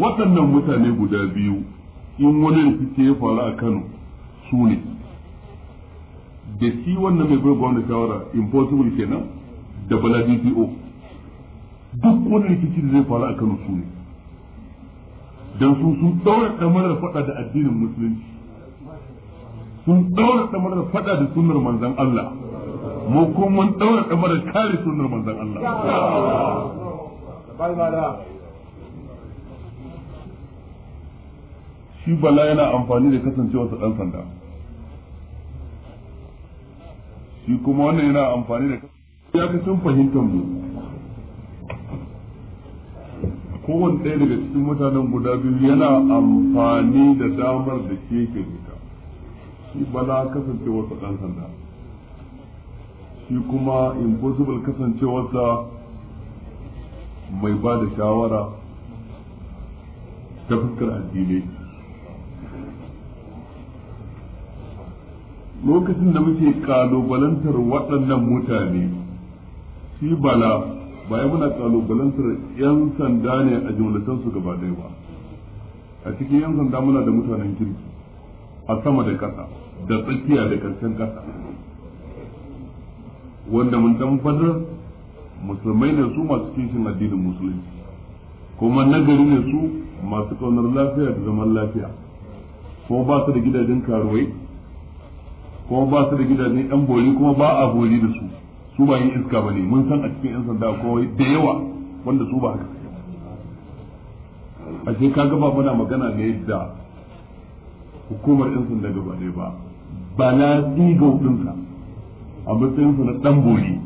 waɗannan mutane guda biyu in wani suke ya faru a Kano su ne da shi wannan mai bai gwamnati shawara impossible kenan da bala DPO duk wani rikici da zai faru a Kano su ne don su sun ɗaura damarar faɗa da addinin musulunci sun ɗaura damarar faɗa da sunar manzan Allah mu kuma mun daura damarar kare sunar manzan Allah shi bala yana amfani da kasancewarsa dan sanda shi kuma wannan yana amfani da ya fi sun fahimtar mu kowane ɗaya daga cikin mutanen guda biyu yana amfani da damar da ke ke da shi bala kasancewarsa dan sanda shi kuma impossible kasancewarsa mai ba da shawara ta fuskar addinai lokacin da muke kalubalantar waɗannan mutane shi bala ba ya muna kalubalantar 'yan sanda ne a jimlatansu gaba ɗaya ba a cikin 'yan sanda muna da mutanen kirki a sama da ƙasa da tsakiya da ƙarshen ƙasa wanda mun tabbatar musulmai ne su masu kishin addinin musulunci kuma nagari ne su masu ƙaunar lafiya da zaman lafiya kuma ba su da gidajen karuwai kuma ba su da gidaje yan boli kuma ba a bori da su su ba yin iska ne mun san a cikin yan sanda kawai da yawa wanda su ba haka a ce kaga ba muna magana ne da hukumar yan sanda gaba ɗaya ba ba na ɗigau ɗinsa a su na ɗan boli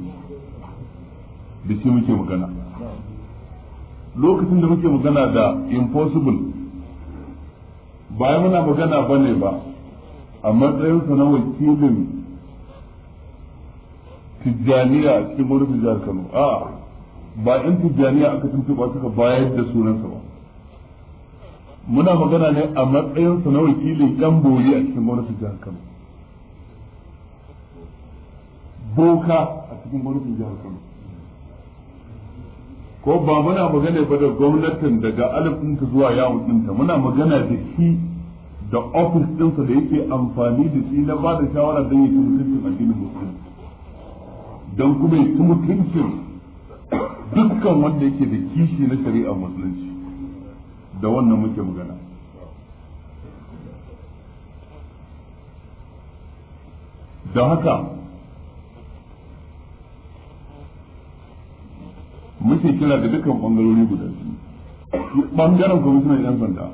da shi muke magana lokacin da muke magana da impossible ba muna magana ba ne ba a matsayinsa na wakilin tijjaniya a cikin wani jihar kano a ba in tijjaniya aka tuntuɓa suka bayar da sunansa ba muna magana ne a matsayinsa na wakilin yan bori a cikin wani jihar kano boka a cikin wani jihar kano ko ba muna magana ba da gwamnatin daga alifinta zuwa yawon ɗinta muna magana da shi da ofis ɗinsa da yake amfani da shi na ba da shawara don yake mutuncin addinin musulmi don kuma yi ta mutuncin dukkan wanda yake da kishi na shari'a musulunci da wannan muke magana da haka muke kira da dukkan ɓangarori guda biyu ɓangaren kwamishinan 'yan sanda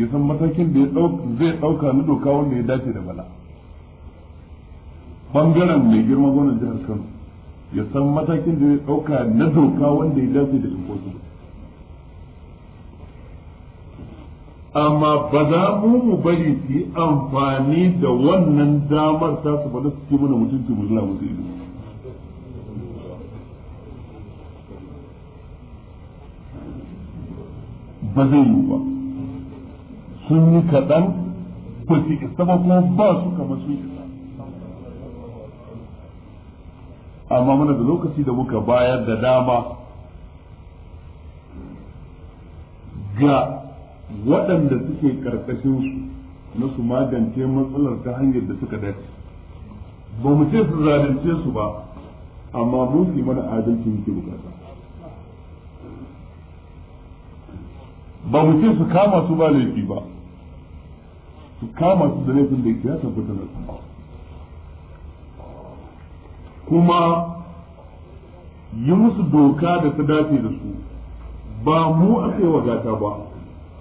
ya san matakin da zai ɗauka na doka wanda ya dace da bala ɓangaren mai girma gwamnan jihar kano ya san matakin da zai ɗauka na doka wanda ya dace da impossible amma ba za mu mu bari su yi amfani da wannan damar ta su bada su mana mutunci mu zula musu ido ba zai yi ba sun yi kaɗan ko su isa ba kuma ba su kama sun isa amma muna da lokaci da muka bayar da dama ga waɗanda suke ƙarƙashin su na su magance matsalar ta hanyar da suka dace ba mu ce su zalunce su ba amma mun fi mana adalci muke bukata ba mu ce su kama su ba laifi ba su kama su da laifin da yake ya tabbatar da su kuma yi musu doka da ta dace da su ba mu a tsaye gata ba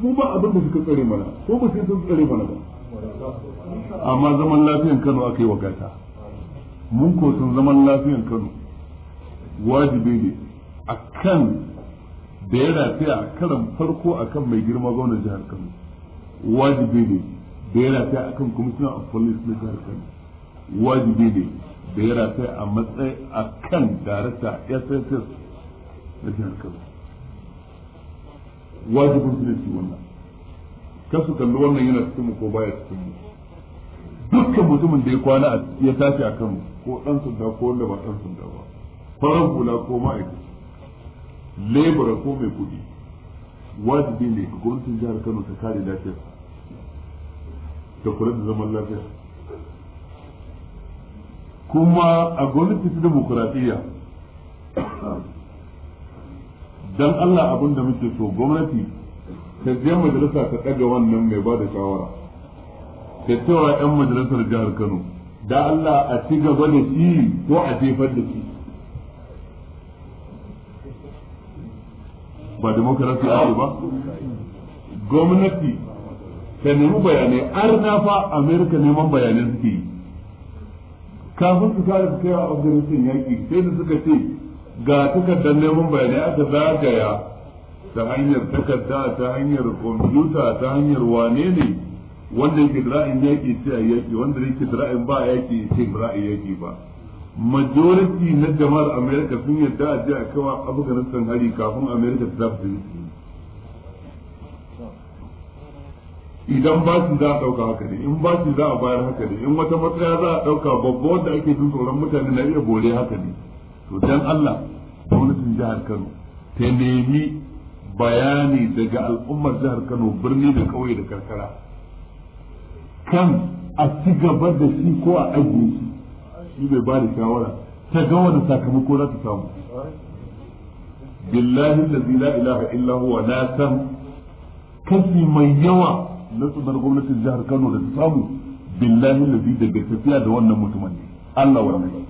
mu ba abin da suka tsare mana ko ba sai sun tsare mana ba amma zaman lafiyan kano aka yi wa gata mun ko sun zaman lafiyan kano wajibi ne a kan da ya rataya a karan farko akan mai girma gwamnan jihar kano wajibi ne da ya rataya akan kan kuma suna na jihar Kano wajibi ne da ya rataya a matsayi a akan director SSS na jihar Kano wajibin su ne su wannan kan su kalli wannan yana cikin mu ko baya cikin mu dukkan mutumin da ya kwana a ya tashi a kanmu ko dan sanda ko wanda ba dan sanda ba farar hula ko ma'aikaci lebura ko mai kuɗi wajibi ne ga gwamnatin jihar Kano ta kare lafiyarsa ta kula da zaman lafiya kuma a gwamnati ta demokuraɗiyya dan Allah abin da muke so gwamnati ta je majalisa ta ɗaga wannan mai ba da shawara ta cewa 'yan majalisar jihar Kano da Allah a ci gaba da shi ko a jefar da shi ba demokarasi ake ba gwamnati ka nemi bayanai na fa amerika neman bayanai suke yi kafin su kare su kai wa afghanistan yaƙi sai da suka ce ga takardar neman bayanai aka zagaya ta hanyar takarda ta hanyar kwamfuta ta hanyar wane ne wanda yake ra'ayin yaƙi sai a yaƙi wanda yake ra'ayin ba yaƙi ce ra'ayin yaƙi ba majority na jama'ar amerika sun yarda a je a kawa afghanistan hari kafin amerika ta zafi idan bashi za a haka ne in bashi za a bayar haka ne in wata matsaya za a ɗauka, babba wanda ake jin tsoron mutane na iya bore haka ne to dan Allah gwamnatin jihar Kano ta nemi bayani daga al'ummar jihar Kano birni da kauye da karkara kan a ci gaba da shi ko a ajiye shi shi bai ba da shawara ta ga wani sakamako za ta samu billahi allazi la ilaha illa huwa na san kashi mai yawa na tsudar gwamnatin jihar Kano da ta samu billahi lazi daga tafiya da wannan mutumin ne Allah wa mai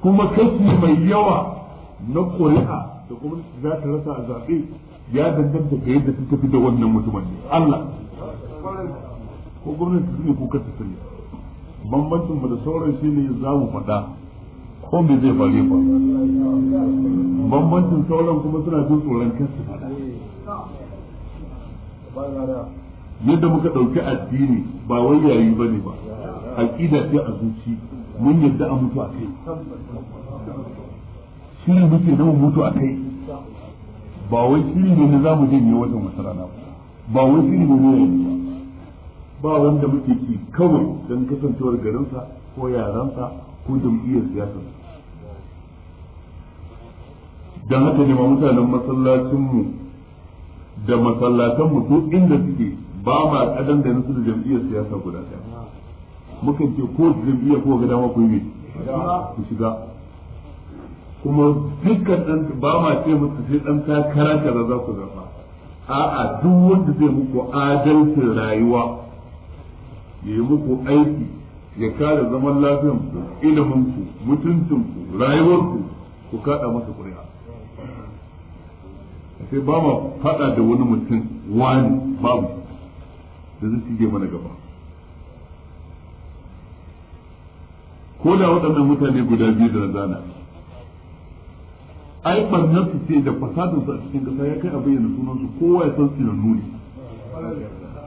kuma kashi mai yawa na ƙuri'a da gwamnati za ta rasa a zaɓe ya danganta ga yadda ta tafi da wannan mutumin ne Allah ko gwamnati su ne kuka kar ta sanya bambancin mu da sauran shi ne za mu faɗa ko me zai faru ba bambancin sauran kuma suna jin tsoron kansu fada yadda muka ɗauki addini ba wai yayi ba ne ba aqida ce a zuci mun yadda a mutu a kai ne muke da mu mutu a kai ba wai shi ne na zamu je ne wata wata rana ba wai shi ne ne ba wanda muke ki kawai don kasancewar garinsa ko yaransa ko jam'iyyar siyasa dan haka ne ma mutanen masallacinmu da masallatanmu duk inda suke ba ma kadan da nasu da jam'iyyar siyasa guda ɗaya mukan ce ko jam'iyyar ko ga dama ku yi ku shiga kuma dukkan dan ba ma ce musu sai dan takara kaza za ku zafa a'a duk wanda zai muku adalcin rayuwa yayi muku aiki ya kare zaman lafiyan ku ilimin ku mutuncin ku rayuwar ku ku kada masa ƙuri'a sai ba ma fada da wani mutum wani babu da zai shige mana gaba ko da waɗannan mutane guda biyu da zana ai barnar su ce da fasadun su a cikin ƙasa ya kai a bayyana sunan su kowa ya san su nuni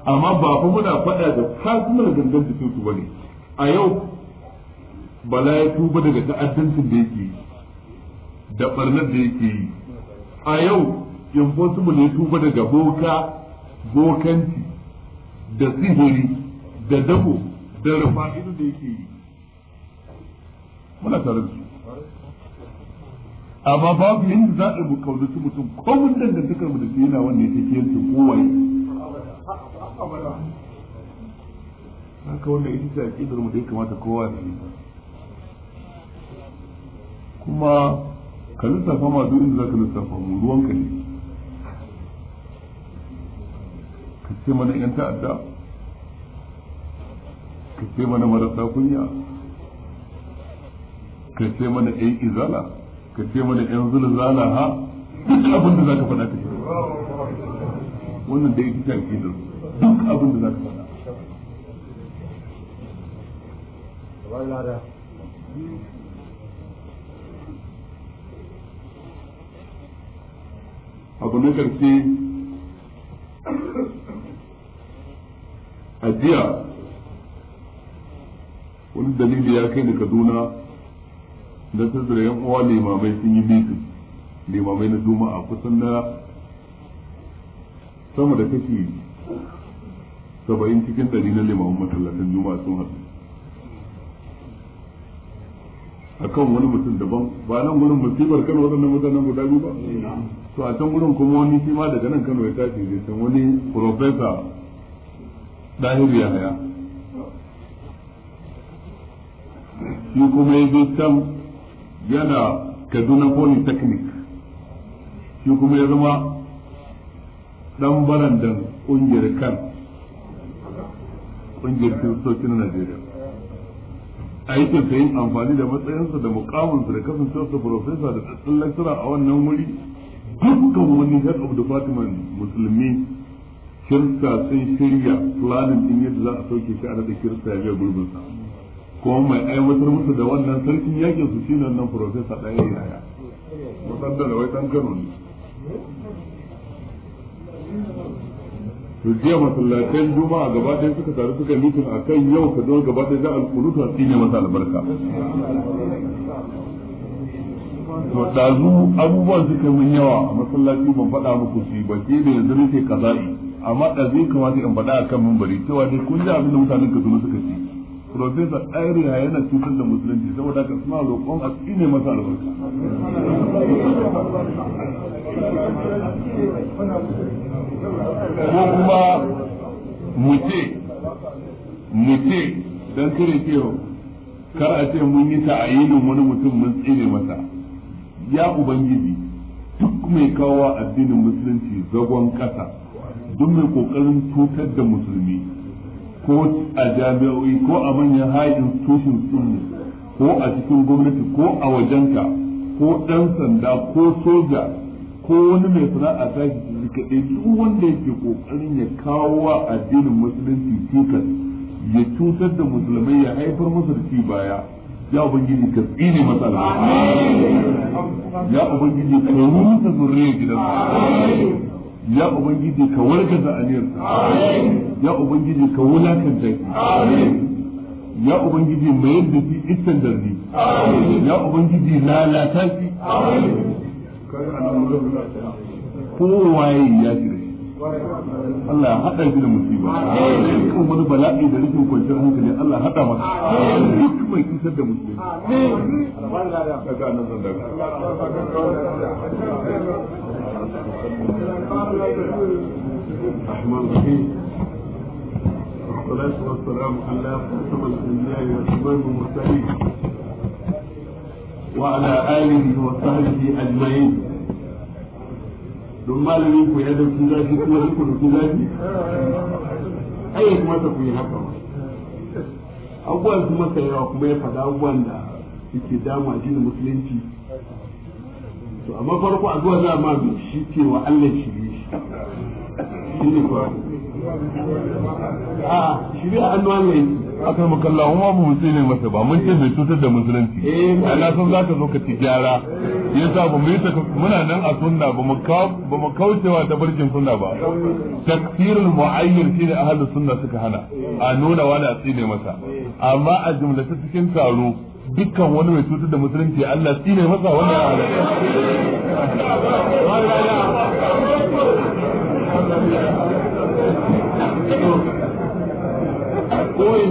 amma ba fa muna faɗa da kasuwar gangan jikin su ne. a yau bala ya tuba daga ta'addancin da yake da barnar da yake yi a yau impossible ya tuba daga boka bokanci da sihiri da dabo da rufa'idu da yake yi muna tare da su amma babu yadda za a kaunaci mutum ko mun dangantakar mu da shi yana wanda ya take yanzu kowai. haka wanda ita ce aƙidar mu da ya kamata kowa da yi kuma ka lissafa ma duk inda ka lissafa mu ruwan ka ne ka ce mana yan ta'adda ka ce mana marasa kunya ka ce mana yan izala ka ce mana yan zulzala ha duk abin da ka faɗa ka ce wannan da ita ce aqidar duk abin da ka faɗa kamar lada abu na karshe a jiya wani dalili ya kai da kaduna da tattara yan uwa limamai sun yi bisu limamai na a kusan na sama da kashi saba'in cikin dalilin na limamin masallatan juma'a sun haɗu akan wani mutum daban ba nan gurin musibar kan waɗannan mutanen guda biyu ba to a can gurin kuma wani shi ma daga nan Kano ya tashi da can wani profesa. Dahiru Yahaya shi kuma ya zo can yana Kaduna Polytechnic shi kuma ya zama ɗan barandan ƙungiyar kan ƙungiyar na Najeriya aikin ta yin amfani da matsayinsa da mukamansa da kasancewarsa profesa da tsatsin lecturer a wannan wuri dukkan wani head of department musulmi kirista sun shirya planning din yadda za a sauke shi a da kirista ya biya gurbinsa kuma mai aiwatar musu da wannan sarkin yakin su shi nan profesa ɗaya yaya to masallacin masallatan juma'a gaba suka taru suka mitin a kan yau ka don gabatai za a kurutu a ne masa albarka to ɗazu abubuwan suka min yawa a masallaci ban faɗa muku su ba ke da yanzu nake kaza'i amma ɗazu kamata in faɗa a kan mambari cewa dai kun ji abin da mutanen zuma suka ci profesa ɗayar ya yana cutar da musulunci saboda ka suna roƙon a ne masa albarka ko kuma mu ce don kare kewa kar a ce mun yi ta'ayinin wani mutum mun tsine masa ya ubangiji duk mai kawo addinin musulunci zagon ƙasa duk mai ƙoƙarin cutar da musulmi ko a jami'o'i ko a manyan high institutions din ko a cikin gwamnati ko a wajenka ko ɗan sanda ko soja ko wani mai sana'a ta shi kaɗai duk wanda yake kokarin ya kawo wa addinin musulunci cikas ya cutar da musulmai ya haifar musu da ci baya ya ubangiji ka tsine masa ya ubangiji ka rusa zuriyar gidan ya ubangiji ka wargaza aniyarsa ya ubangiji ka wulakanta shi ya ubangiji mayar da shi iskan darbi ya ubangiji lalata shi kowaye ya jira Allah ya haɗa shi da musiba kan wani bala'i da rikin kwanciyar hankali Allah haɗa masa duk mai kisar da musulmi الرحمن الرحيم والصلاة والسلام على خاتم الأنبياء وإمام المرسلين وعلى آله وصحبه أجمعين ya kuma kuma ta yi haka yawa kuma ya faɗa abubuwan suke damu musulunci to amma farko a ma shi cewa Allah shi shi ne kuwa a shiri a hannu ne aka yi makalla kuma ba mutum ne masa ba mun ce mai cutar da musulunci eh, ana san za ka zo ka ci gyara yasa ba mu yi ta muna nan a sunna ba mu kaucewa ta barkin sunna ba taksirin muayyar shi ne a ahlu sunna suka hana a nuna wani a tsine masa amma a ta cikin taro dukkan wani mai cutar da musulunci Allah tsine masa wannan halaye in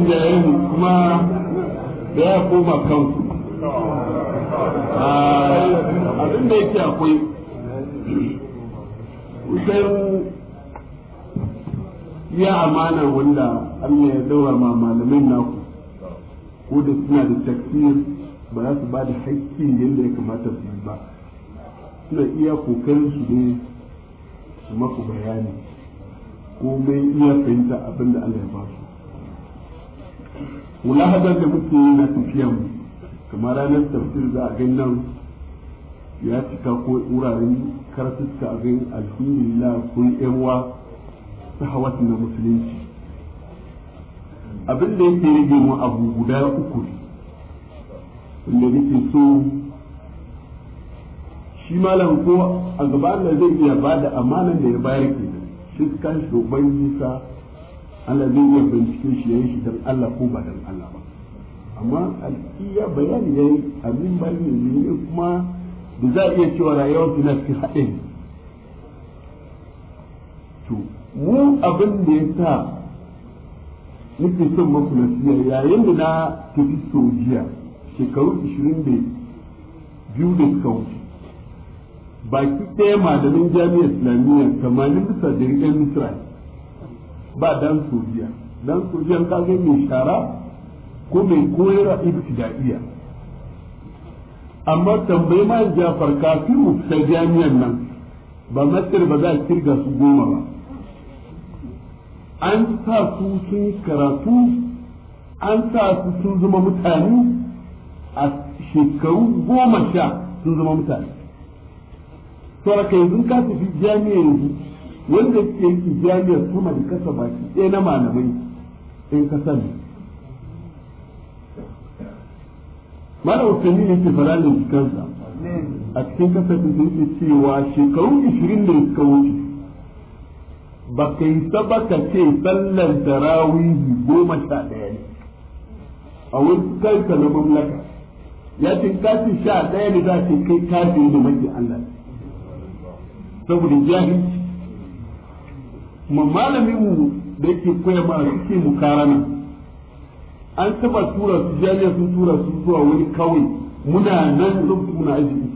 da ya yi kuma da ya koma kanku ah, abin da yake akwai kusan ya amana wanda Allah ya daura ma malamin naku ko da suna da tafsir ba za su ba da haƙƙin yadda ya kamata su yi ba suna iya kokarin su ne su maku bayani komai iya fahimta abinda da Allah ya ba su hada da muke yi na tafiya mu kamar ranar tafsir za a gan nan ya cika ko wuraren karatuka a gan alhamdulillah kun ta sahawat na musulunci abin da yake rage mu abu guda uku wanda nake so shi malam ko a gaba Allah zai iya ba da amanan da ya bayar ke shi kan shugaban jisa Allah zai iya bincike shi ya yi shi don Allah ko ba dan Allah ba amma alƙiya bayani yi abin bayani ne kuma da za a iya cewa rayuwar na fi haɗe to mu abin da ya sa nake son maku nasiya yayin da na tafi sojiya shekaru biyu da suka wuce baki ɗaya malamin jami'ar islamiyya kamanin bisa da yan misra ba dan sojiya dan ka zai mai shara ko mai koyarwa ibtidaiya amma tambayi ma jafar kafin mu fita jami'an nan ba masir ba za a kirga su goma ba an sa su sun karatu an sa su sun zama mutane a shekaru goma sha sun zama mutane to aka yanzu ka tafi jami'ar yanzu wanda ke yi jami'ar kuma da kasa baki ɗaya na malamai in ka sani malam usani ne ke fara da jikansa a cikin kasa da yake cewa shekaru 20 da suka wuce ba ka yi sabaka ce sallar rawihi goma sha ɗaya ne a wurin kai ka na mamlaka ya ce kashi sha ɗaya ne za ce kai kafin da mai Allah saboda jahil ma malamin mu da yake koya ma mu karana, an taba tura su jami'a sun tura su zuwa wani kawai muna nan lokacin muna arziki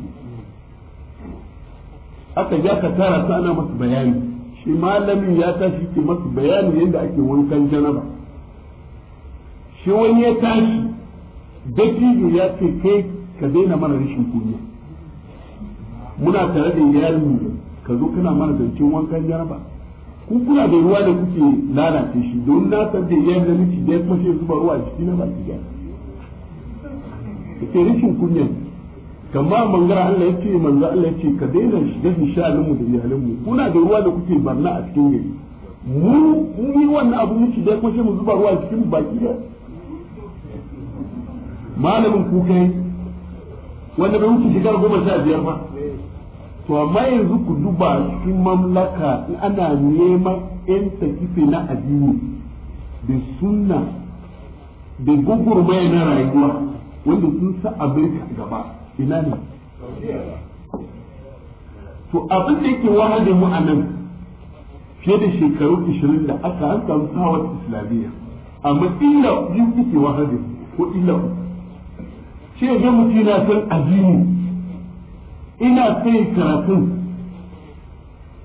aka ja ka tara su ana masu bayani shi malamin ya tashi ke masu bayani yadda ake wankan janaba shi wani ya tashi dattijo ya ce kai ka daina mana rashin kuniya muna tare da iyalin ka zo kana mana zancen wankan jaraba ku kuna da ruwa da kuke lalace shi don na san da yayin da miki da kuma shi zuba ruwa ciki na baki ga ke rishin kunya kamma mangara Allah ya ce manzo Allah ya ce ka daina shiga hishalin mu da iyalin mu kuna da ruwa da kuke barna a cikin gari mu ni wannan abu miki da kuma shi mu zuba ruwa cikin baki ga malamin ku kai wanda bai wuce shigar goma sha biyar ba to amma yanzu ku duba cikin mamlaka ana neman yan kife na addini da sunna da gugurmaya na rayuwa wanda sun sa amurka gaba ina ne to abin da yake da mu a nan fiye da shekaru 20 da aka an samu sawar islamiyya amma illa biyu wa hadin ko illa shi ya ga mutum yana son addini ina sai karatu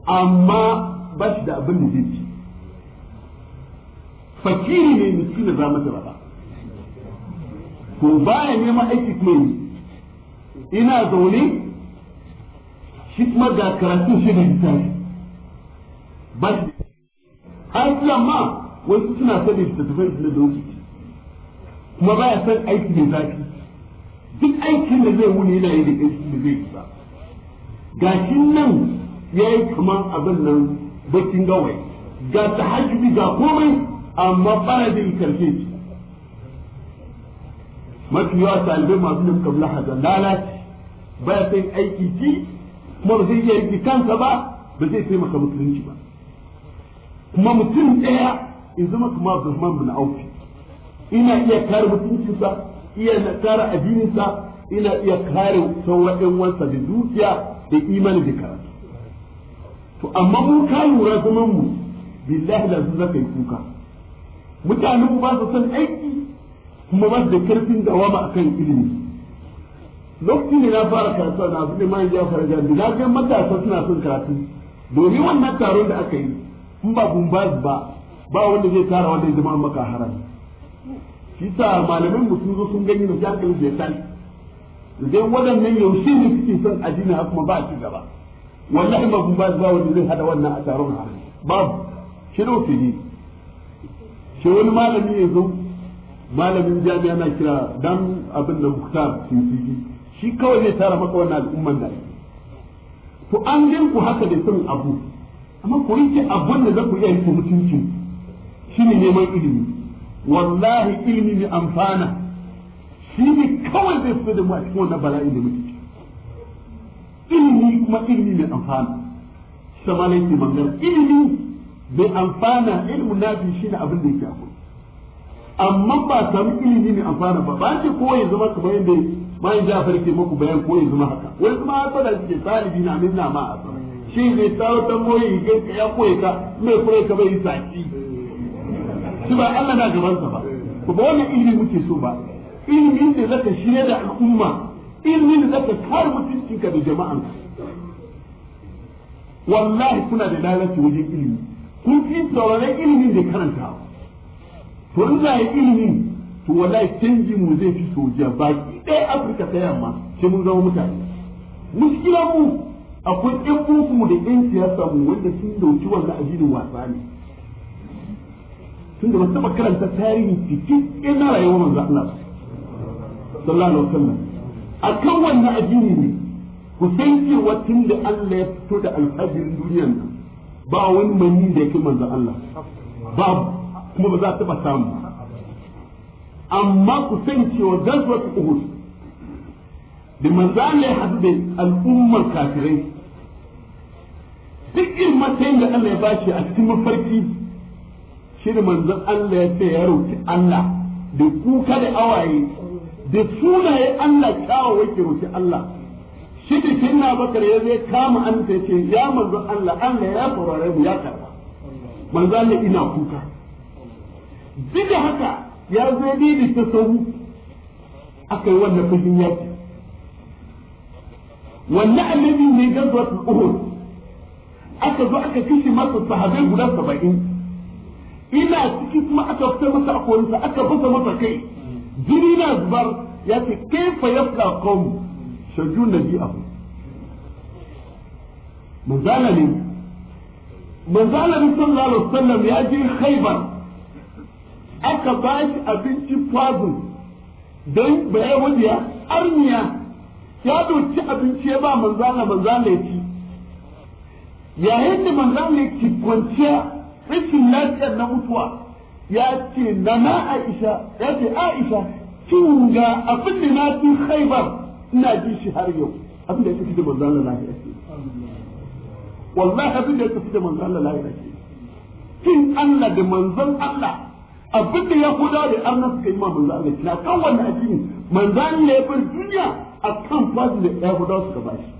amma ba shi da abin da zai ci fakiri ne miski da za mu raba ko ya nema aiki kuma ina zaune shi kuma ga karatu shi da littafi ba shi har kila ma wasu suna sani da tafai da lokaci kuma ba ya san aiki da zafi duk aikin da zai wuni yana yi da aiki da zai yi ba gashin nan ya yi kama abin nan bakin gawai ga ta hajji ga komai amma faradin karfe ce mafi yawa talibai masu nan kabla bula lalace ba ya sai aiki ci kuma ba zai iya aiki kansa ba ba zai taimaka musulunci ba kuma mutum ɗaya in zama kuma zama mun aufi ina iya kare mutuncinsa iya na kare addininsa ina iya kare sauran ƴan wansa da dukiya da imani da karatu to amma mu ka lura zaman mu billahi da su zaka yi kuka mutanen mu ba su san aiki kuma ba da karfin dawama akan ilimi lokacin da na fara karatu da abu ne mai jafar jami'i na ga matasa suna son karatu domin wannan taron da aka yi in ba gumbaz ba ba wanda zai tara wanda ya zama maka haram shi sa malamin mu sun zo sun gani da jami'in da ya idan waɗannan yaushe ne suke son addini a kuma ba a ci gaba wallahi ba ba ba wani zai hada wannan a taron har babu shiro ne shi wani malami ya zo malamin jami'a na kira dan abin da muktar tintiji shi kawai zai tara maka wannan al'umman da to an gan ku haka da son abu amma ku rike abun da za ku iya yi ku shi ne neman ilimi wallahi ilimi mai amfana shine kawai zai fito da mu a cikin wannan bala'in da muke ilimi kuma ilimi mai amfana samalai ke magana ilimi mai amfana ilimin nafi shi ne abin da yake akwai amma ba samu ilimi mai amfana ba ba ce kowa ya zama kamar yadda bayan jafar ke maku bayan ko ya zama haka wani kuma ya da suke ke salibi na min na ma a sama shi zai tsaro ta moyi ya koya ka mai koya ka bai saki shi ba Allah na gabansa ba ba wani ilimi muke so ba ilimin da zaka shirya da al'umma ilimin da zaka kare mutuncinka da jama'an wallahi kuna da lalaci wajen ilimi kun fi sauraron ilimin da karanta to in za yi ilimin to wallahi canji mu zai fi soja baki ɗaya afirka ta yamma sai mun zama mutane muskilan mu akwai ɗan da ɗan siyasa mu wanda sun dauki wannan ajinin wasa ne tun da ba karanta tarihi cikin ɗan rayuwar manzo Allah sallallahu alaihi wasallam akan wannan addini ne ku san cewa tun da Allah ya fito da alfajirin duniyar nan ba wani manni da yake manzon Allah babu kuma ba za ta taba samu amma ku san cewa gazwat uhud da manzo Allah ya hadu da al'ummar kafirai duk irin matsayin da Allah ya bashi a cikin mafarki shi da manzon Allah ya ce ya rauci Allah da kuka da awaye da sunaye Allah kyawa wake roki Allah shi ke na bakar ya zai kama an ta ce ya manzo Allah Allah ya saurare mu ya karba manzo Allah ina kuka duk da haka ya zo didi ta sahu akai wannan fushin yaki wannan annabi ne gazwatul uhud aka zo aka kashe masa sahabai guda saba'in ina ciki kuma aka fita masa akorinsa aka fita masa kai jini na zubar ya ce kaifa yafla qawm shaju nabi'ahu manzala ne manzala ne sallallahu alaihi wasallam ya je khaybar aka ba shi abinci fazin don bayan wajiya arniya ya doki abinci ya ba manzala manzala ya ci yayin da manzala ya ci kwanciya rashin lafiyar na mutuwa ya ce na na aisha ya ce aisha cin ga abin da na fi khaibar ina ji shi har yau abin da ya tafi da manzon Allah lafiya ce wallahi abin da ya tafi da manzon Allah lafiya ce cin Allah da manzon Allah abin da ya kuda da arna suka yi ma manzon Allah na kan wannan addini manzon Allah ya bar duniya kan fadin da ya kuda suka ba shi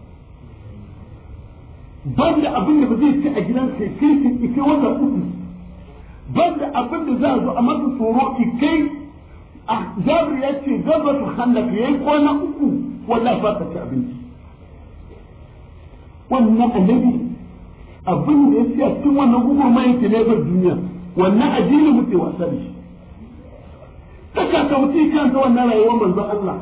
ban da abin da ba zai ci a gidan sai kirkin ita wata uku ban da abin da za a zo a masa tsoro ikai a ah, jabir ya ce gabatu ya yayi kwana uku wallahi ba ka ci abinci wannan annabi abin da ya a cikin wannan gugu mai ke ne bar duniya wannan ajili muke wasa ne shi ka kaka kan ta wannan rayuwar manzo Allah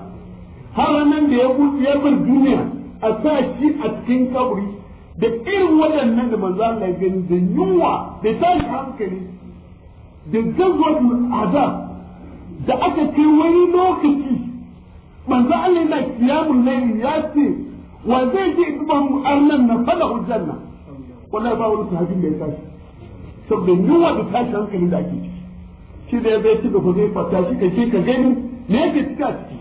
har nan da ya gudu ya bar duniya a sa shi a cikin kaburi da irin waɗannan da manzo Allah ya gani da yunwa da tashi hankali da gazuwar azab da aka ce wani lokaci manzo Allah yana kiyamul layli ya ce wa zai je duban arnan na fala aljanna wallahi ba wani sahabin da ya tashi saboda wa da tashi hankalin da ake ciki shi da ya bai ci gaba zai fata shi ka ka gani me yake cika ciki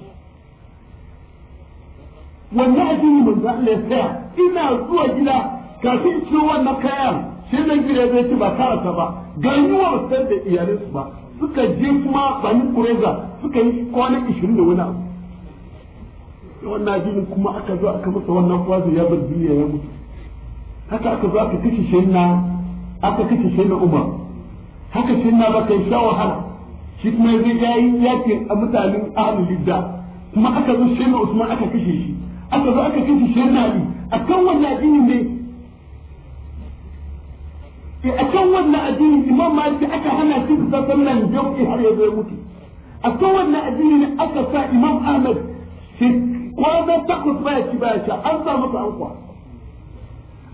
wannan addini manzo Allah ya tsaya ina zuwa gida kafin ciwon na kayan shi da gida zai ci ba karasa ba ganuwar sai san da iyalinsu ba suka je kuma bani kureza suka yi kwana ishirin da wani abu wannan addinin kuma aka zo aka masa wannan kwazo ya bar duniya ya mutu haka aka zo aka kashe na aka kashe na umar haka shaina ba kai sha wahala shi kuma ya zai yayi yakin a mutanen ahlul lidda kuma aka zo na usman aka kashe shi aka zo aka kashe shaina ali akan wannan addinin ne a kan wannan addini imam maliki aka hana shi da sallan jam'i har ya zo mutu a kan wannan addini aka sa imam ahmad shi kwana takwas baya ci baya sha an sa masa an kwa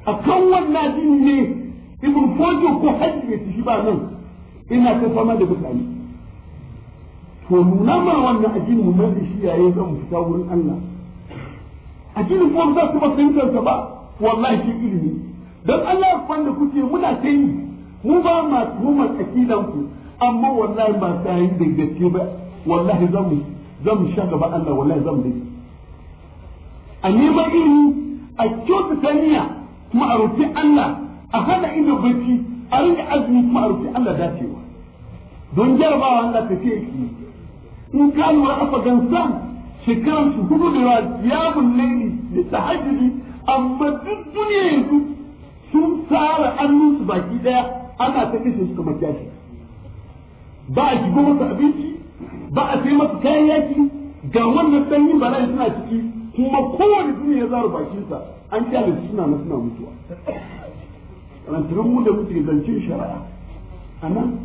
a kan wannan addini ne ibn fojo ko hajji ya ci ba nan ina ta fama da mutane to nuna ma wannan addini mu mai shi yayin zan fita wurin Allah addinin ko ba su ba fahimtar ba wallahi shi ilimi don Allah ku da kuke muna ta mu ba ma mu ma akidan ku amma wallahi ba ta da gaske ba wallahi zamu zamu shaka ba Allah wallahi zamu dai a nema ilimi a kyautu saniya kuma a roƙi Allah a hada inda bacci a rike azumi kuma a roƙi Allah dacewa don jarabawa Allah ta ce ki in ka lura san shekaran su hudu da yawa yamun laili da tahajjudi amma duk duniya yanzu sun tara annunsu baki daya ana ta kashe su kamar ba a shigo masa abinci ba a sai masa kayan yaki ga wannan sanyin bala'i suna ciki kuma kowane su ya zara bakinsa an kyale suna na suna mutuwa rantarin mu da muke zancen shari'a a nan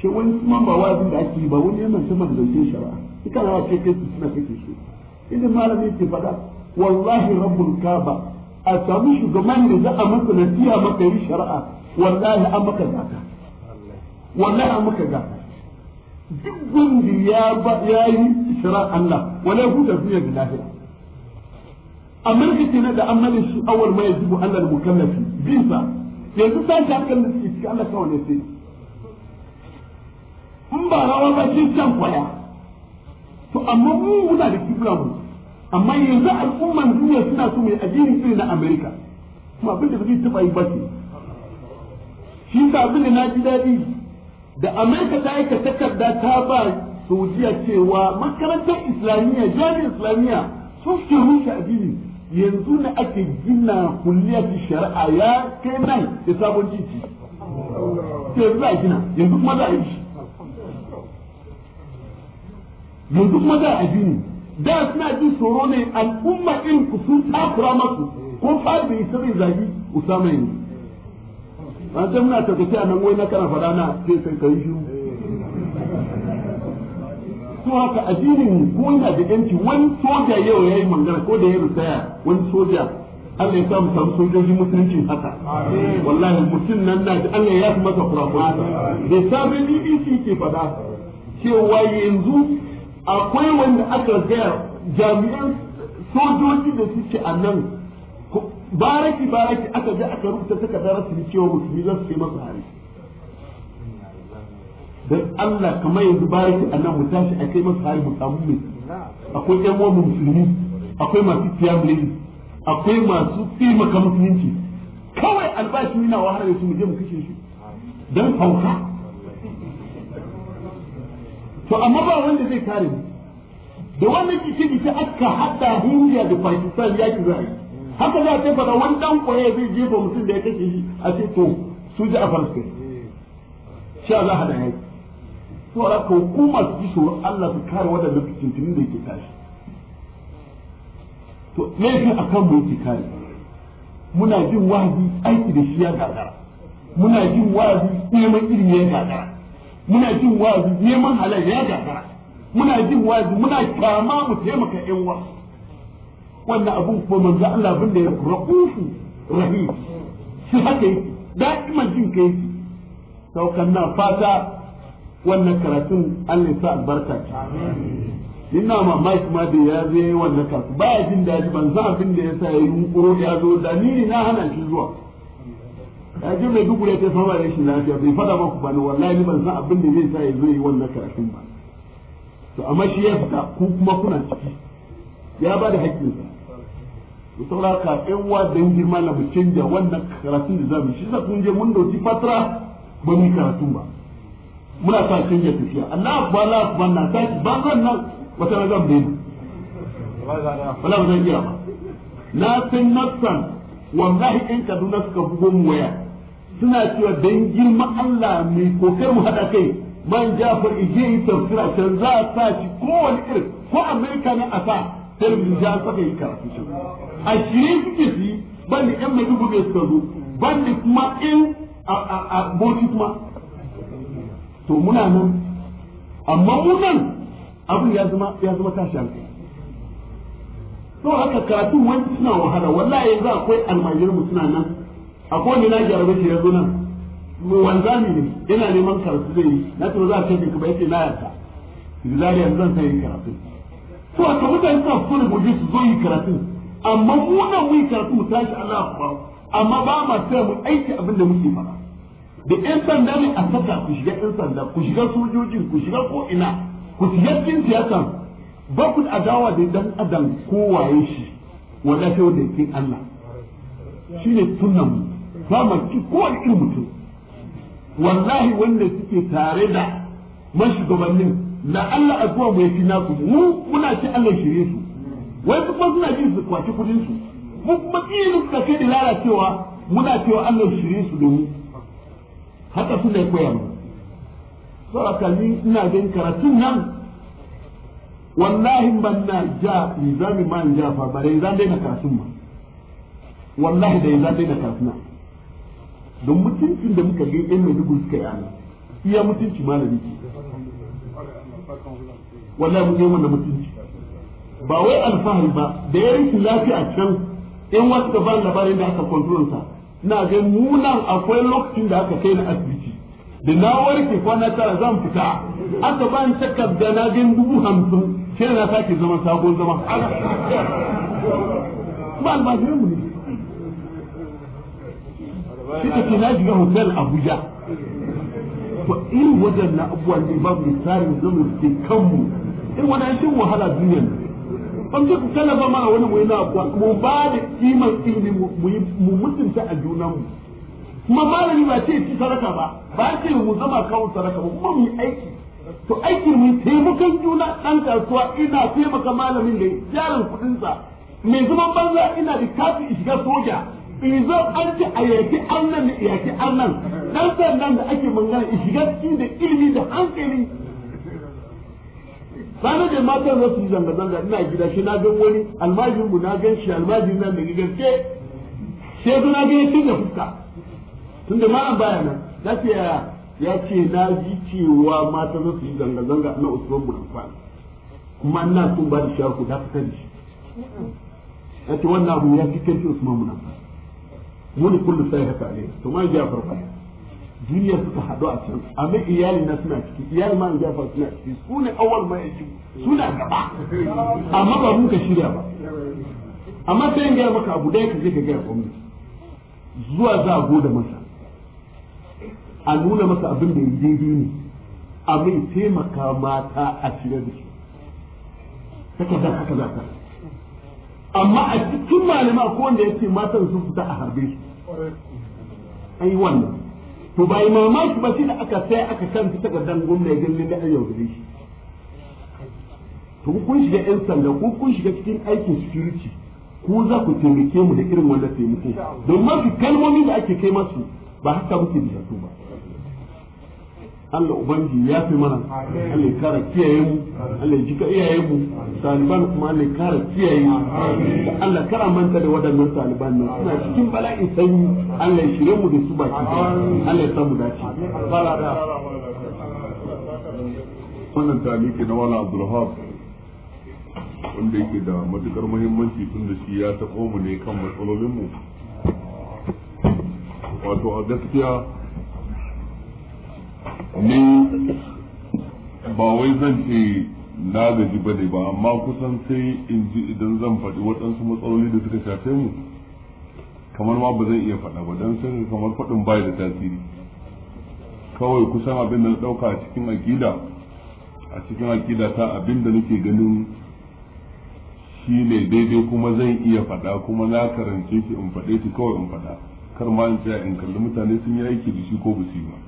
shi wani kuma ba da ake yi ba wani yana sama da zancen shari'a ita na wace kai su suna kake shi inda ke faɗa wallahi rabbul kaba a samu shugaban da za a masa nasiha maka yi shari'a wallahi an maka zaka wallahi an maka zaka duk wanda ya ba ya yi shari'a Allah wallahi huta fiye da lahira amma kace na da amalin shi awal mai yajibu Allah da mukallafi sa yanzu sai ta kan da shi Allah kawai sai in ba rawa ba shi can kwaya to amma mu muna da kibla mu amma yanzu al'umman duniya suna so mai addini irin na Amerika kuma abin da ba zai taba yi ba ce shi sa abin da na ji daɗi da Amerika ta aika takarda ta ba Saudiya cewa makarantar Islamiyya jami'ar Islamiyya sun ke rushe addini yanzu na ake gina kulliyar shari'a ya kai nan da sabon titi yanzu za gina yanzu kuma za a yi yanzu kuma za a da suna ji tsoro ne al'umma in ku sun takura masu ko fadi sai zagi usama yanzu an san muna tarkace a nan wai na kana fada na sai sai kai shi to haka addinin ko yana da yanci wani soja yau yayi mangana ko da ya rusaya wani soja Allah ya sa mu samu sojojin musulunci haka wallahi mutum nan na ji Allah ya fi masa kurakurai da sabon BBC ke fada cewa yanzu akwai wanda aka gaya jami'an sojoji da suke a nan baraki baraki aka je aka rubuta takardar su cewa musulmi za su kai masa hari dan Allah kamar yanzu baraki a nan mu tashi a kai masa hari mu samu mai akwai ƴan uwan musulmi akwai masu tiyamuli akwai masu taimaka musulunci kawai albashi yana wahala da su mu je mu kashe shi dan hauka to amma ba wanda zai kare mu da wannan kici kici aka hada India da Pakistan ya ki yi haka za ta fara wani dan koye zai jefa mutum da ya kashe shi a ce to su ji a farko sha za hada yaki to ala ko kuma su ji so Allah su kare wadannan fitintunin da yake tashi to laifin akan mu yake kare muna jin wahabi aiki da shi ya gagara muna jin wahabi neman irin ya gagara muna jin wazi neman halal ya gagara muna jin wazi muna kyama mu taimaka yan wasu wannan abun kuma manzo Allah bin da ya raqufu rahim shi haka yake da'iman jin kai shi saukan na fata wannan karatun Allah ya sa albarka ni ma mamaki ma da ya zai wannan kasu baya jin daji ban abin da ya sa ya yi ya zo da ni na hana shi zuwa ya je mai dukure ta fama da rashin lafiya bai fada maku ba ne wallahi ni ban san abin da zai sa ya zo yi wannan karatun ba to amma shi ya fita ku kuma kuna ciki ya ba da sa. to saboda ka ƴan wa dan girma na mu canja wannan karatun da zamu shi sa kun je mun dauki fatra ba mu karatun ba muna sa canja tafiya Allah akbar Allah akbar na ta ba kan nan wata na zan bai wala ba zan iya ba na san nafsan wallahi in kaduna suka bugo mu waya suna cewa dan girma Allah mai kokar mu hada kai man Jafar ije yi tafsira can za a sa shi kowane irin ko Amerika ne a sa talibin ja saka yi karatu shi a shirye suke su yi ban da yan Maiduguri ne suka zo ban da kuma in a Bauchi kuma to muna nan amma mu nan abin ya zama ya zama tashi hankali to haka karatu wani suna wahala wallahi yanzu akwai almajirin mu suna nan a kowane na gyara bace ya zo nan wanzami ne yana neman karatu zai yi na tuma za a ce ka ba yake na yarda zari yanzu zan sai karatu to a kamar da yasa so da su zo yi karatu amma mu nan mu yi karatu mu tashi Allah akbar amma ba ma sai mu aiki abin da muke fara da yan sanda ne a saka ku shiga yan sanda ku shiga sojojin ku shiga ko ina ku shiga cikin siyasan ba ku da adawa da dan adam ko waye shi wallahi sai wanda yake Allah shine tunan mu zamani ki kowane irin mutum wallahi wanda suke tare da mashugabannin na Allah zuwa mu fi naku mu kuna ci Allah shirye su wai kuma suna jin su kwaci kudin su mu kuma da kai da lalacewa muna cewa Allah shirye su domin haka suna koya mu saboda ni ina ganin karatun nan wallahi ban na ja ma man ja fa bare zan daina karatun ma wallahi da zan daina karatun don mutuncin da muka ga yan Maiduguri suka yi ana iya mutunci malami ce wallahi mun yi wannan mutunci ba wai alfahari ba da ya rikin lafiya can in wasu da ban labarin da aka kontrol sa na ga munan akwai lokacin da aka kai na asibiti da na warke kwana tara zan fita aka ba ni takarda na gan dubu hamsin sai na sake zama sabon zama ba albajirin mu ne ita ce na shiga hotel abuja to irin na abuwa ne ba misali mu zama ke kanmu in wani an shin wahala duniyar ban ce ku tallafa mana wani mu yi na mu ba da kiman ilimi mu mutunta a junanmu kuma malami ba ce ci saraka ba ba ce mu zama kawo saraka ba kuma mu yi aiki to aikin mu taimakon juna dan kasuwa ina taimaka malamin da jarin kuɗinsa mai zaman banza ina da kafin shiga soja izo an ci a yaki annan da yaki annan dan sandan da ake magana shiga cikin da ilimi da hankali sana da matan za su zanga-zanga ina gida shi na ga wani almajin mu na gan shi almajin nan da gaske shi yanzu na gan tun da fuska tun da an baya nan ya ce ya ce na ji cewa mata za su yi zanga-zanga na usman mu burfan kuma ina sun ba da shaku da fitar da shi ya ce wannan abu ya fi kai usman burfan wani kullum sai haka ne to mai jafar fa duniya suka hadu a can amma iyali na suna ciki iyali man jafar suna ciki su ne awal ma yake suna gaba amma ba mun ka shirya ba amma sai in gaya maka abu dai ka je ka gaya komai zuwa za a goda masa a nuna masa abin da ya daidai ne a mai taimaka mata a shirya da su. Saka da haka za ka. amma a cikin malama ko wanda ya ce matan sun fita a harbe su ai wannan to bai mamaki ba shi da aka sai aka ga dan gwamna ya da yau yaudare shi to kun shiga yan sanda ku kun shiga cikin aikin security ku za ku taimake mu da irin wannan taimako don mafi kalmomin da ake kai masu ba haka muke da ba Allah ubangi ya fi mana Allah ya kara kiyaye mu Allah ya jika iyaye mu taliban kuma Allah ya kara kiyaye mu Allah kara manta da waɗannan taliban ne suna cikin bala'i sanyi Allah ya shirye mu da su baki Allah ya samu dace wannan taliki na wala abdulhab wanda yake da matukar muhimmanci tun da shi ya taɓo mu ne kan matsalolinmu wato a gaskiya ni ba wai zan ce na gaji ba ne, ba amma kusan sai in ji idan zan faɗi waɗansu matsaloli da suka shafe mu kamar ma ba zan iya faɗa ba don sai kamar faɗin bai da tasiri kawai kusan abin da na ɗauka a cikin akida a cikin akida ta abin da nake ganin shi ne daidai kuma zan iya faɗa kuma na karance shi in faɗe shi kawai in faɗa kar ma in tsaya in kalli mutane sun yi aiki da shi ko ba su yi ba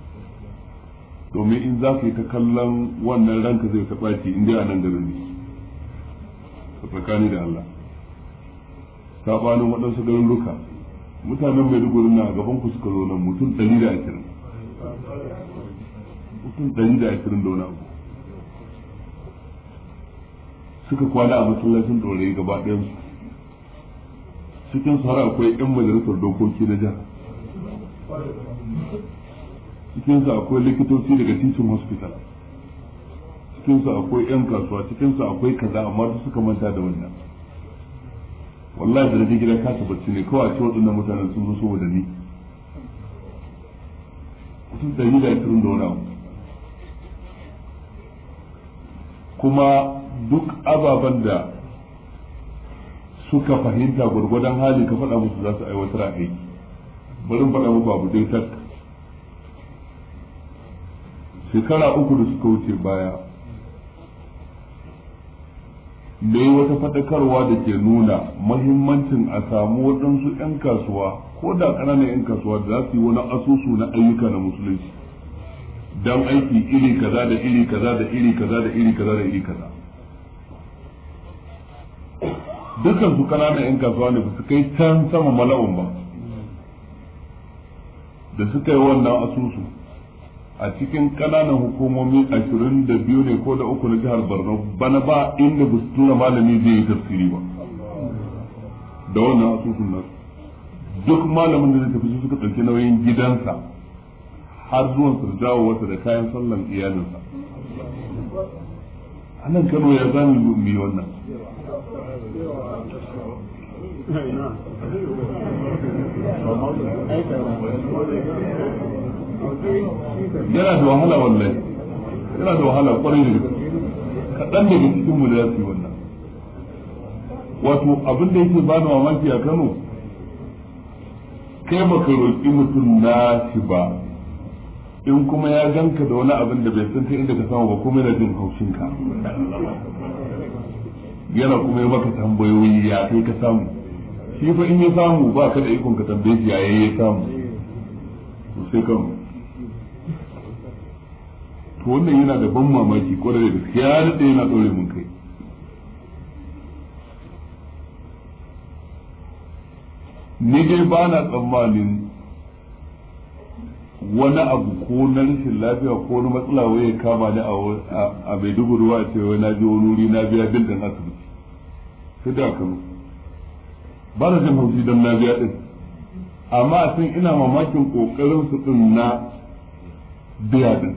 domin in za ka yi ta kallon wannan ranka zai ta ɓaci in a nan garin ne a tsakani da Allah saɓanin waɗansu garin ruka mutanen maiduguri na gaban ku suka zo nan mutum ɗari da ashirin mutum ɗari da ashirin da wani abu suka kwana a masallacin ɗorayi gaba ɗayansu cikin su har akwai 'yan majalisar dokoki na jihar cikin su akwai likitoci daga titin hospital cikin su akwai yan kasuwa cikin su akwai kaza amma duk suka manta da wannan wallahi da nake gida kasa tabbaci ne kawai a ce waɗannan mutanen sun zo saboda ni kusan ɗari da ashirin da wani abu kuma duk ababen da suka fahimta gwargwadon hali ka faɗa musu za su aiwatar a aiki bari faɗa muku abu dai tak shekara uku da suka wuce baya da yi wata faɗakarwa da ke nuna mahimmancin a samu waɗansu 'yan kasuwa ko da ƙananan 'yan kasuwa da za su yi wani asusu na ayyuka na musulunci don aiki iri kaza da iri kaza da iri kaza da iri kaza da iri kaza dukkan su ƙananan 'yan kasuwa ne ba su kai can sama mala'un ba da suka yi wannan asusu a cikin ƙananan hukumomi ashirin da biyu ne ko da uku na jihar borno bana ba inda ba su tura malami zai yi tafsiri ba da wannan asusun nan, duk malamin da zai tafi suka ɗauki nauyin gidansa har zuwan su dawo wata da kayan sallan iyalinsa a kano ya zami yi wannan Thank you. yana da wahala wallahi yana da wahala kwarai da kaɗan daga cikin mu da ya su wannan wato abin da yake bani mamaki a Kano kai ba ka roƙi mutum na shi ba in kuma ya ganka da wani abin da bai san ta inda ka samu ba kuma yana jin haushinka yana kuma yi maka tambayoyi ya kai ka samu shi fa in ya samu ba ka da ikon ka tambaye shi ya ya samu sai kan to wannan yana da ban mamaki kwarai da gaskiya ya daɗe yana ɗaure mun kai ni dai ba na tsammanin wani abu ko na rashin lafiya ko na matsala wai ya kama ni a dubu ruwa ce wai na je wani wuri na biya bil ɗin asibiti sai da kano ba na jin haushi don na biya ɗin amma a ina mamakin ƙoƙarin su ɗin na biya ɗin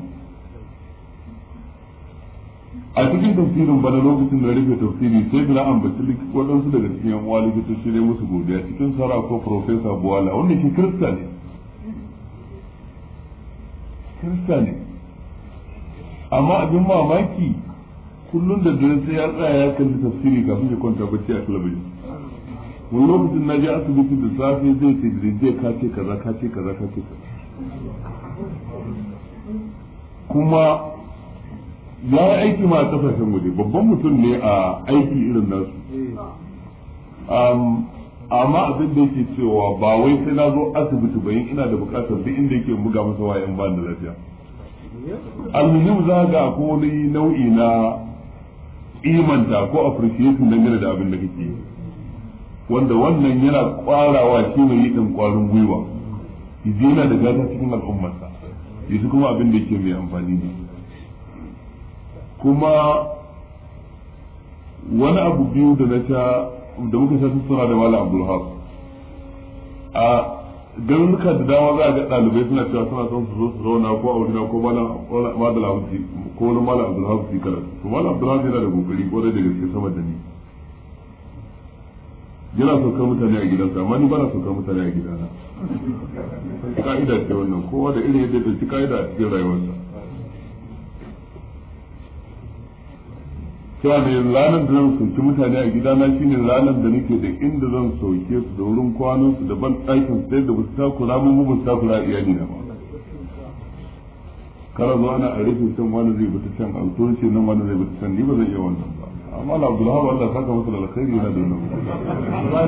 a cikin tafsirin bana lokacin da rufe tafsiri sai bila ambaci waɗansu daga cikin yan uwa shi ne musu godiya cikin sara ko profesa buwala wanda shi kirista ne kirista ne amma abin mamaki kullum da dare sai ya tsaya ya kalli tafsiri kafin ya kwanta bacci a talabijin wani lokacin na je asibiti da safe zai ce dirije zai kace kaza kace kaza kace kaza kuma ya yi aiki ma a kasashen waje babban mutum ne a aiki irin nasu amma abin da yake cewa ba wai sai na zo asibiti ba yin ina da bukatar duk inda yake buga masa wayan ba da lafiya almuhim za ga ko wani nau'i na imanta ko appreciation dangane da abin da kake wanda wannan yana kwarawa shi mai yi din kwarin gwiwa yana da gata cikin al'ummarsa yanzu kuma abin da yake mai amfani ne kuma wani abu biyu da na ta da muka sha tattauna da malam abdulhaf a garuruka da dama za a ga ɗalibai suna cewa suna son su zo su zauna ko a wurina ko malam abdulhaf ko wani malam abdulhaf su karatu to malam abdulhaf yana da kokari ko da gaske sama da ni yana saukar mutane a gidansa amma ni bana saukar mutane a gidana ka'ida ce wannan kowa da irin yadda ta ci ka'ida a cikin rayuwarsa cewa ne ranar da zan soki mutane a gidana ne ranar da nake da inda zan soke su da wurin kwanon su da ban ɗakin sai da ba su takura mun ba su takura iyali na ba kara zuwa na a rufe can wani zai bata can a toshe nan wani zai bata can ni ba zai iya wannan ba amma na abdul hawa Allah saka masa da alkhairi yana da nan ranar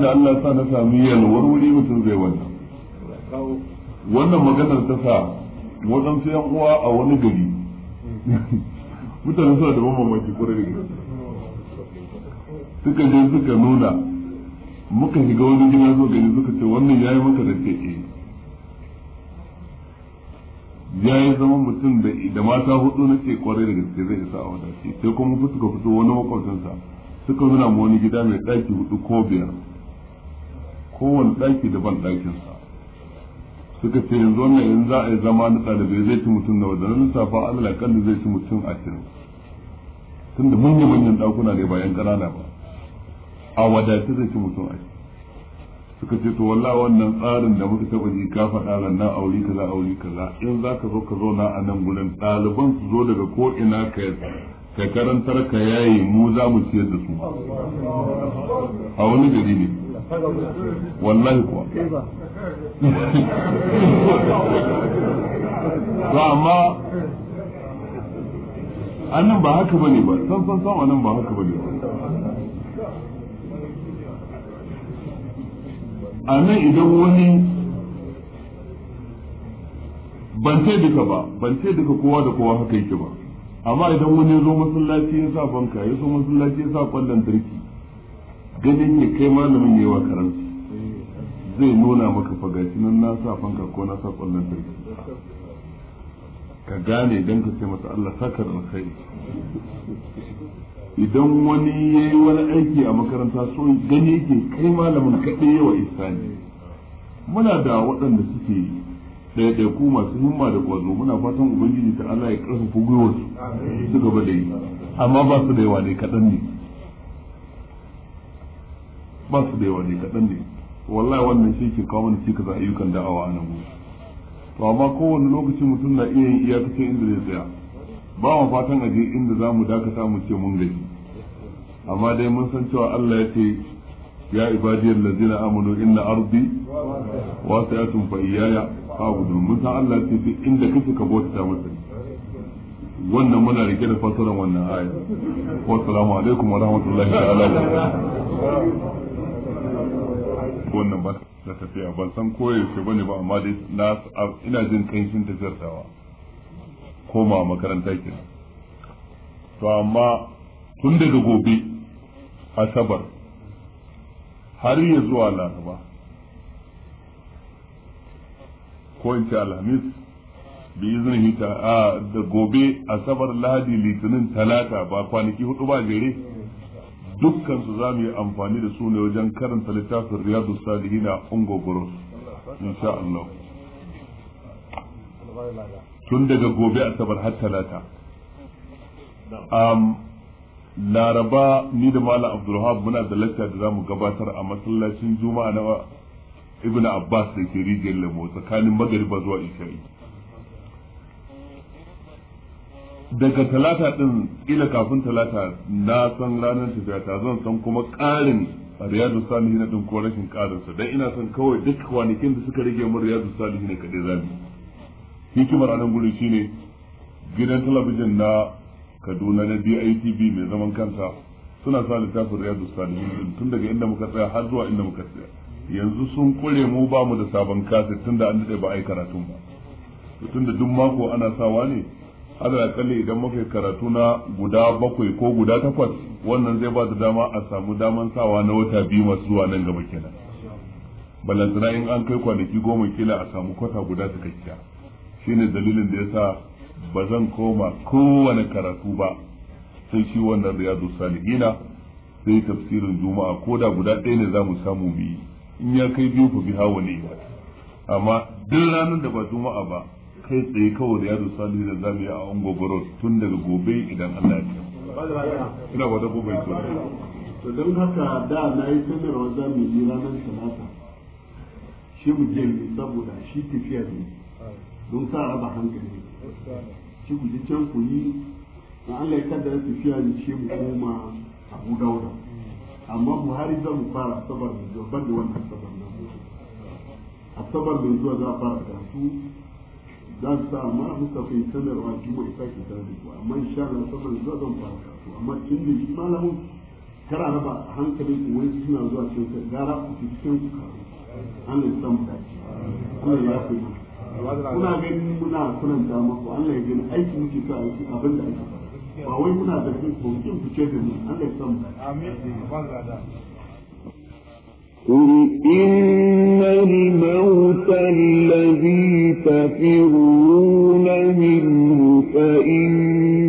da Allah sa na sami yalwar wuri mutum zai wannan wannan maganar ta sa wajen su yan uwa a wani gari mutane suna da mamaki kwarai da gaske suka je suka nuna muka shiga wani gina so gani suka ce wannan ya yi maka da ce eh. ya yi zama mutum da mata hudu na ce kwarai da gaske zai isa a wadace sai kuma suka fito wani makwabcinsa suka nuna ma wani gida mai ɗaki hudu ko biyar kowane ɗaki daban ɗakinsa suka ce yanzu wannan yanzu za a yi zama na ɗalibai zai ci mutum na wadda na safa alal akalli zai ci mutum a tun tunda manyan manyan ɗakuna ne bayan ƙanana ba a wadace zai ci mutum a shirin. suka ce to wallah wannan tsarin da muka taɓa ji ka faɗa ran na aure kaza aure kaza in za ka zo ka zauna a nan gudan ɗaliban su zo daga ko ina ka ka karantar ka yayi mu za mu ciyar da su a wani gari ne wallahi kuwa to amma annan ba haka ba ne ba san san san annan ba haka ba bane a nan idan wani ban ce duka ba ban ce duka kowa da kowa haka yake ba amma idan wani ya zo masallaci ya sa banka ya zo masallaci ya sa kwallon tarki ganin ya kai malamin yawa karansa zai nuna maka fagashi nan na sa fanka ko na sa kwallon ka gane don ka ce masa Allah sakar alkhairi idan wani ya yi wani aiki a makaranta so gani ke kai malamin kaɗai yawa isani muna da waɗanda suke ku masu himma da ƙwazo muna fatan ubangiji ta Allah ya ƙarfafa gwiwarsu su gaba da yi amma ba su da yawa ne kaɗan ne ba su da yawa ne kaɗan ne wallahi wannan shi ke kawo mana cikas a ayyukan da'awa a nan to amma kowane lokaci mutum na iya yin iyakacin inda zai tsaya ba mu fatan aje inda za mu dakata mu ce mun gaji amma dai mun san cewa Allah ya ce ya ibadiyar lazina amanu inna ardi ya fa iyaya fa'budu mun san Allah ce duk inda kake ka bauta masa wannan muna rike da fasaran wannan aya wa assalamu alaikum wa rahmatullahi ta'ala ko wannan ba ta tafiya ban san ko yaushe bane ba amma dai na ina jin kanshin da zartawa koma makaranta ke to amma tun daga gobe asabar har yi zuwa laraba ko in ce alhamis bi izinin hita a da gobe asabar lahadi litinin talata ba kwanaki hudu ba jere dukkan su zamu yi amfani da su ne wajen karanta littafin riyadu salihin na ungogoro insha Allah tun daga gobe asabar har talata um, laraba ni da malam abdulwahab muna da lacca da zamu gabatar a masallacin juma'a na ibn abbas da ke rijiyar lemo tsakanin magariba zuwa isha'i daga talata din ila kafin talata na san ranar tafiya ta zan san kuma ƙarin riyadu salihin din ko rashin ƙarin sa dan ina san kawai duk kwanakin da suka rage min riyadu salihin kadai zabi hikimar anan shi shine gidan talabijin na Kaduna na DITV mai zaman kanta suna sa littafin riyadu salihin tun daga inda muka tsaya har zuwa inda muka tsaya yanzu sun kure mu ba mu da sabon kaset tunda an dade ba a yi karatun ba da duk mako ana sawa ne ala tsalle idan muka karatu na guda bakwai ko guda takwas wannan zai ba da dama a samu daman sawa na wata biyu masu zuwa nan gaba kenan balantana in an kai kwanaki goma kila a samu kwata guda Shi shine dalilin da yasa ba zan koma kowane karatu ba sai shi wannan riyadu salihina sai tafsirin juma'a ko da guda ɗaya ne za mu samu biyu in ya kai biyu ku bi hawa ne amma duk ranar da ba juma'a ba kai tsaye kawai da yadda salihu da zamu yi a ungogoro tun daga gobe idan Allah ya kai ina wata da gobe to to don haka da na yi sanarwa za mu yi ranar talata shi mu je saboda shi tafiya ne don sa raba hankali shi mu je can ku yi na Allah ya kaddara tafiya ne shi mu koma Abu dawuda. amma Buhari za mu fara sabar zuwa ban da wannan sabar na Asabar mai zuwa za a fara karatu za su sa amma abin kafin sanarwa juma'a ita ke tare da amma in sha Allah saboda zuwa zan fara amma da shi malamin a raba hankali wani suna zuwa cikin ka gara ku ci cikin ku an san kuna ganin muna maku Allah aiki muke sa aiki abin da ake ba wai muna da ku da mu Allah ya ba قل إن الموت الذي تفرون منه فإن